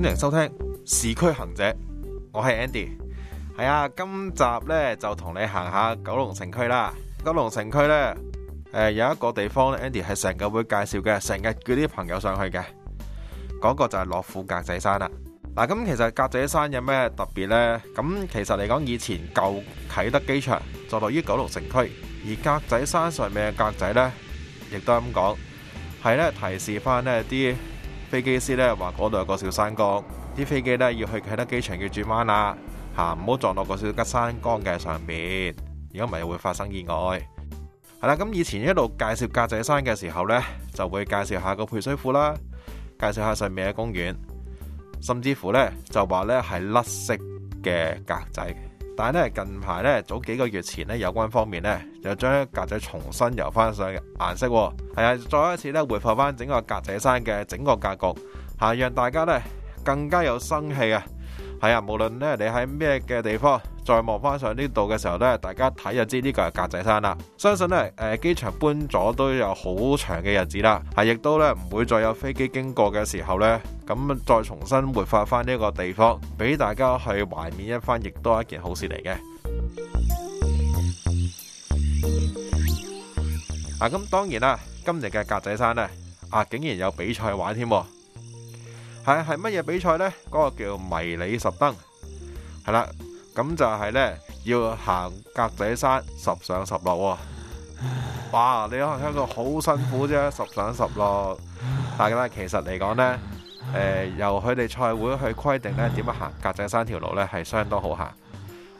歡迎收聽市區行者，我係 Andy，係啊，今集呢就同你行下九龍城區啦。九龍城區呢，誒、呃、有一個地方咧，Andy 係成日會介紹嘅，成日叫啲朋友上去嘅，講、嗰個就係樂富格仔山啦、啊。嗱，咁其實格仔山有咩特別呢？咁其實嚟講，以前舊啟德機場就落於九龍城區，而格仔山上面嘅格仔呢，亦都係咁講，係呢提示返呢啲。飛機師咧，話嗰度有個小山崗，啲飛機咧要去啟德機場要轉彎啦，吓，唔好撞落個小吉山崗嘅上面，如果唔係又會發生意外。係啦，咁以前一路介紹格仔山嘅時候呢，就會介紹下個配水庫啦，介紹下上面嘅公園，甚至乎呢就話呢係甩色嘅格仔。但係咧，近排咧，早幾個月前咧，有關方面咧，又將格仔重新油翻上顏色，係啊，再一次咧，回復翻整個格仔山嘅整個格局，嚇，讓大家咧更加有生氣啊！係啊，無論咧你喺咩嘅地方。再望翻上呢度嘅時候呢，大家睇就知呢個係格仔山啦。相信呢，誒機場搬咗都有好長嘅日子啦，係亦都呢，唔會再有飛機經過嘅時候呢，咁再重新活化翻呢個地方，俾大家去懷念一番，亦都係一件好事嚟嘅。。 啊，咁當然啦，今日嘅格仔山呢，啊竟然有比賽玩添，係，係乜嘢比賽呢？嗰個叫迷你十燈，係啦。咁就係呢，要行格仔山十上十落喎、啊。哇，你可能香港好辛苦啫，十上十落。但係其實嚟講呢，誒、呃，由佢哋賽會去規定呢點樣行格仔山條路呢，係相當好行。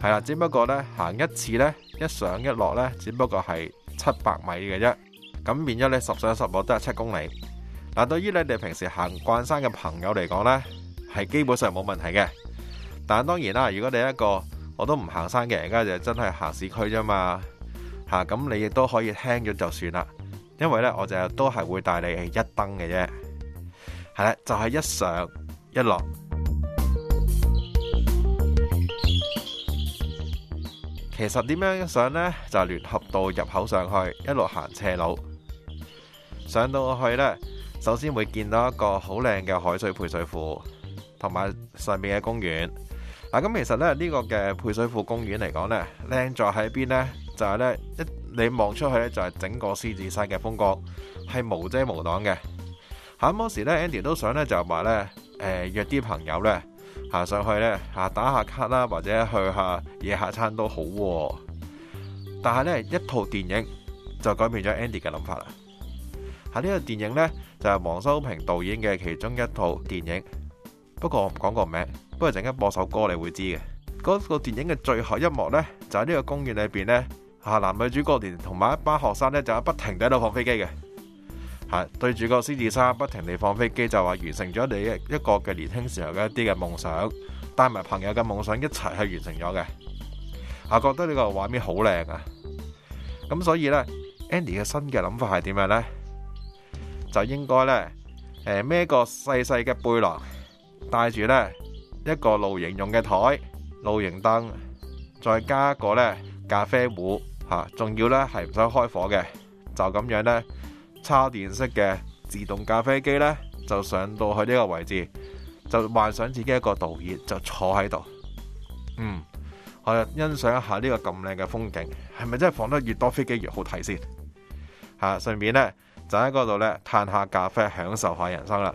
係啦，只不過呢，行一次呢，一上一落呢，只不過係七百米嘅啫。咁變咗呢，十上十落都係七公里。嗱，對於你哋平時行慣山嘅朋友嚟講呢，係基本上冇問題嘅。但係當然啦，如果你一個我都唔行山嘅，人家就真係行市區啫嘛，吓、啊、咁你亦都可以聽咗就算啦，因為呢，我就是、都係會帶你去一登嘅啫，係啦，就係、是、一上一落。其實點樣一上呢？就聯、是、合道入口上去，一路行斜路，上到去呢，首先會見到一個好靚嘅海水配水庫，同埋上面嘅公園。啊，咁其實咧呢個嘅配水庫公園嚟講呢，靚在喺邊呢？就係呢，一你望出去呢，就係整個獅子山嘅風光係無遮無擋嘅。吓，嗰時呢 Andy 都想呢，就話呢，誒約啲朋友呢，行上去呢，吓打下卡啦，或者去下野下餐都好。但係呢，一套電影就改變咗 Andy 嘅諗法啦。喺、這、呢個電影呢，就係黃修平導演嘅其中一套電影。不過我唔講個名，不過陣間播首歌，你會知嘅。嗰個電影嘅最後一幕呢，就喺呢個公園裏邊呢。吓，男女主角連同埋一班學生呢，就喺不停地喺度放飛機嘅，吓，對住個獅子山不停地放飛機，就話完成咗你一一個嘅年輕時候嘅一啲嘅夢想，帶埋朋友嘅夢想一齊去完成咗嘅。吓，覺得呢個畫面好靚啊！咁所以呢 Andy 嘅新嘅諗法係點樣呢？就應該呢，誒孭個細細嘅背囊。帶住呢一個露營用嘅台、露營燈，再加一個呢咖啡壺，吓，仲要呢係唔使開火嘅，就咁樣呢，插電式嘅自動咖啡機呢，就上到去呢個位置，就幻想自己一個導演，就坐喺度，嗯，我欣賞一下呢個咁靚嘅風景，係咪真係放得越多飛機越好睇先？吓，順便呢，就喺嗰度呢，嘆下咖啡，享受下人生啦。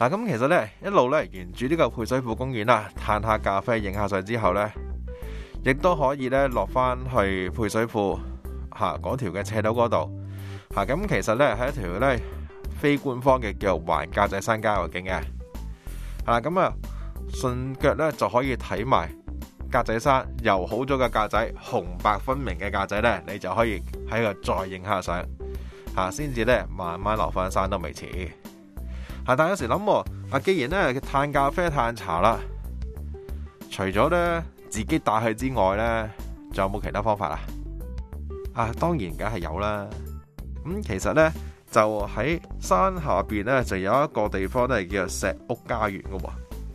嗱，咁其實咧，一路咧沿住呢個配水庫公園啦，嘆下咖啡，影下相之後咧，亦都可以咧落返去配水庫吓，嗰條嘅斜道嗰度吓，咁其實咧係一條咧非官方嘅叫環格仔山郊徑嘅，係啦，咁啊順腳咧就可以睇埋格仔山，油好咗嘅格仔，紅白分明嘅格仔咧，你就可以喺度再影下相，吓，先至咧慢慢落返山都未遲。但有時諗喎，啊，既然咧嘆咖啡、嘆茶啦，除咗咧自己帶去之外咧，仲有冇其他方法啊？啊，當然梗係有啦。咁、嗯、其實咧，就喺山下邊咧，就有一個地方咧係叫做石屋家園嘅喎。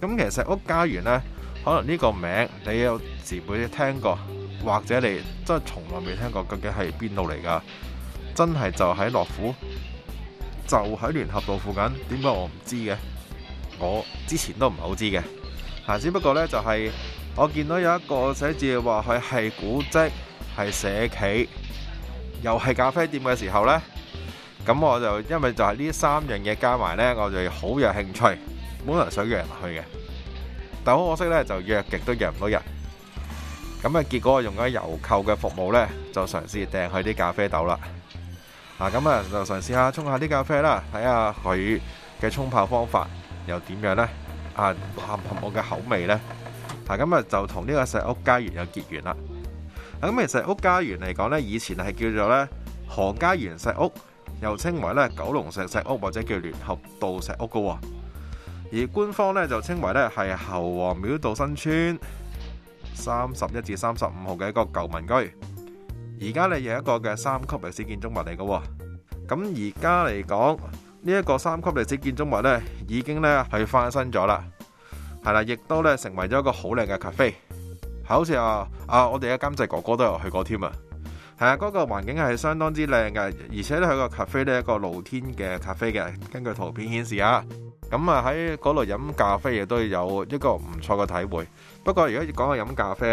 咁、嗯、其實石屋家園咧，可能呢個名字你有時會聽過，或者你真係從來未聽過，究竟係邊度嚟㗎？真係就喺樂富。就喺聯合道附近，點解我唔知嘅？我之前都唔係好知嘅，只不過呢，就係我見到有一個寫住話佢係古蹟、係社企，又係咖啡店嘅時候呢。咁我就因為就係呢三樣嘢加埋呢，我就好有興趣，本來想約人去嘅。但好可惜呢，就約極都約唔到人。咁啊，結果我用咗郵購嘅服務呢，就嘗試訂佢啲咖啡豆啦。嗱，咁啊就嘗試下沖下啲咖啡啦，睇下佢嘅沖泡方法又點樣呢？啊，合唔合我嘅口味呢？嗱，咁啊就同呢個石屋家園有結緣啦。咁其實石屋家園嚟講呢，以前係叫做呢何家園石屋，又稱為呢九龍石石屋或者叫聯合道石屋噶。而官方呢，就稱為呢係侯王廟道新村三十一至三十五號嘅一個舊民居。而家咧有一個嘅三級歷史建築物嚟嘅喎，咁而家嚟講呢一個三級歷史建築物咧，已經咧係翻新咗啦，係啦，亦都咧成為咗一個好靚嘅咖啡，係好似啊啊我哋嘅監製哥哥都有去過添啊，係啊，嗰個環境係相當之靚嘅，而且咧喺個咖啡咧一個露天嘅咖啡嘅，根據圖片顯示啊，咁啊喺嗰度飲咖啡亦都要有一個唔錯嘅體會，不過如果要講下飲咖啡。